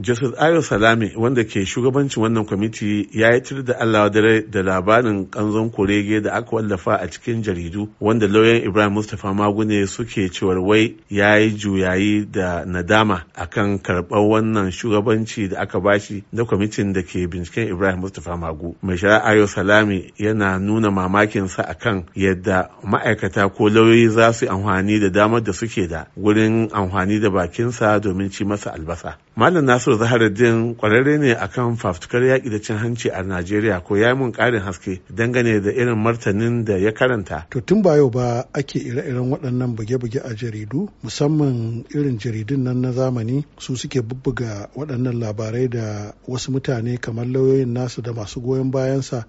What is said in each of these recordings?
Joseph Ayo Salame wanda ke shugabancin wannan kwamiti ya yi tir da Allah dare da labarin kanzon kurege da aka wallafa a cikin jaridu wanda lauyan Ibrahim Mustapha Magune suke cewar wai ya yi juyayi da nadama akan karɓar wannan shugabanci da aka bashi na kwamitin da ke binciken Ibrahim Mustapha Magu. Mai shari'a Ayo Salame yana nuna mamakinsa akan yadda ma'aikata ko lauyoyi za su yi amfani da damar da suke da wurin amfani da bakinsa domin ci masa albasa. Malam Nasu Nasiru Zaharuddin kwararre ne akan fafutukar yaƙi da cin hanci a Najeriya ko ya mun ƙarin haske dangane da irin martanin da ya karanta. To tun ba yau ba ake ire-iren waɗannan buge-buge a jaridu musamman irin jaridun nan na zamani su suke bubbuga waɗannan labarai da wasu mutane kamar lauyoyin nasu da masu goyon bayansa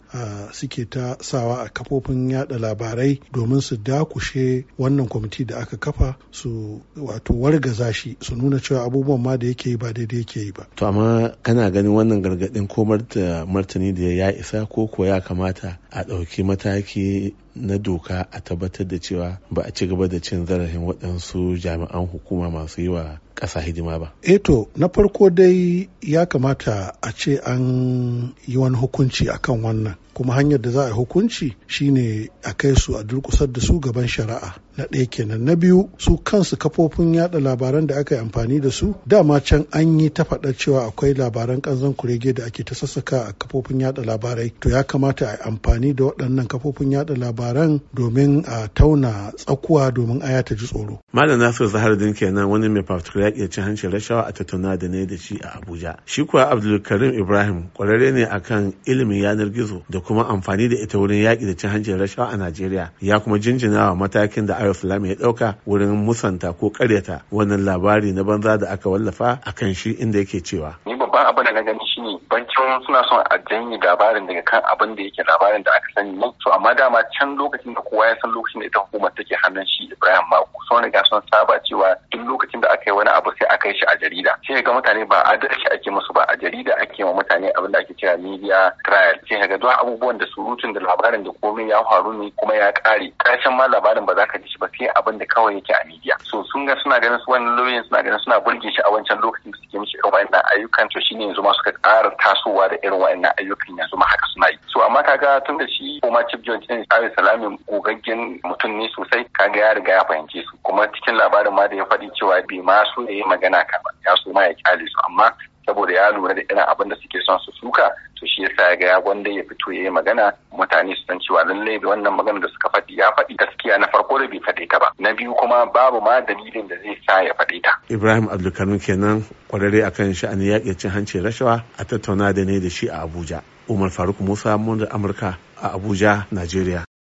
suke ta sawa a kafofin yaɗa labarai domin su dakushe wannan kwamiti da aka kafa su wato wargaza shi su nuna cewa abubuwan ma da yake yi ba daidai yake suke yi ba to amma kana ganin wannan gargadin ko martani da ya isa ko kuwa ya kamata a ɗauki mataki na doka a tabbatar da cewa ba a ci gaba da cin zarafin waɗansu jami'an hukuma masu yi wa ƙasa hidima ba. Eto eh na farko dai ya kamata a ce an yi wani hukunci akan wannan kuma hanyar da za a hukunci shine a kai su a durkusar da su gaban shari'a na ɗaya kenan na biyu su kansu kafofin yada labaran da aka yi amfani da su dama can an yi ta faɗa cewa akwai labaran ƙanzon kurege da ake ta sassaka a kafofin yada labarai to ya kamata a yi amfani da waɗannan kafofin yada labarai labaran domin a tauna tsakuwa domin aya ta ji tsoro. Malam Nasir din kenan wani mai fafutukar yaƙi cin hanci rashawa a tattauna da ne da shi a Abuja. Shi kuwa Abdulkarim Ibrahim ƙwararre ne akan ilimin yanar gizo da kuma amfani da ita wurin yaƙi da cin hanci rashawa a Najeriya. Ya kuma jinjinawa matakin da ayo Sulami ya ɗauka wurin musanta ko ƙaryata wannan labari na banza da aka wallafa akan shi inda yake cewa. babban abin da na gani shine bancin suna son a janye labarin daga kan abin da yake labarin da aka sani nan to amma dama can lokacin da kowa ya san lokacin da ita hukumar take hannun shi Ibrahim Mako sun riga sun saba cewa duk lokacin da aka yi wani abu sai a kai shi a jarida sai ga mutane ba adalci ake musu ba a jarida ake ma mutane abin da ake kira media trial sai ga duk abubuwan da surutun da labarin da komai ya faru ne kuma ya kare karshen ma labarin ba za ka ji shi ba sai abin da kawai yake a media so sun ga suna ganin su wannan lawyer suna ganin suna burge shi a wancan lokacin da suke mishi irin wa'annan ayyukan to shine yanzu ma suka ƙara tasowa da irin wa'annan ayyukan yanzu ma haka suna yi so amma kaga tun da shi ma chief judge din salamin gogaggen mutum ne sosai kaga ya riga ya fahimce su kuma cikin labarin ma da ya faɗi cewa bai ma so ya yi magana ka ba ya so ma ya kyale su amma saboda ya lura da irin abin da suke son su suka to shi yasa ya ga ya gwanda ya fito ya yi magana mutane su san cewa lallai wannan magana da suka faɗi ya faɗi gaskiya na farko da bai faɗe ta ba na biyu kuma babu ma dalilin da zai sa ya faɗe ta. Ibrahim Abdulkarim kenan kwararre akan sha'anin yaƙin cin hanci rashawa a tattauna da ne da shi a Abuja. Umar Faruk Musa mun Amurka a Abuja, Najeriya.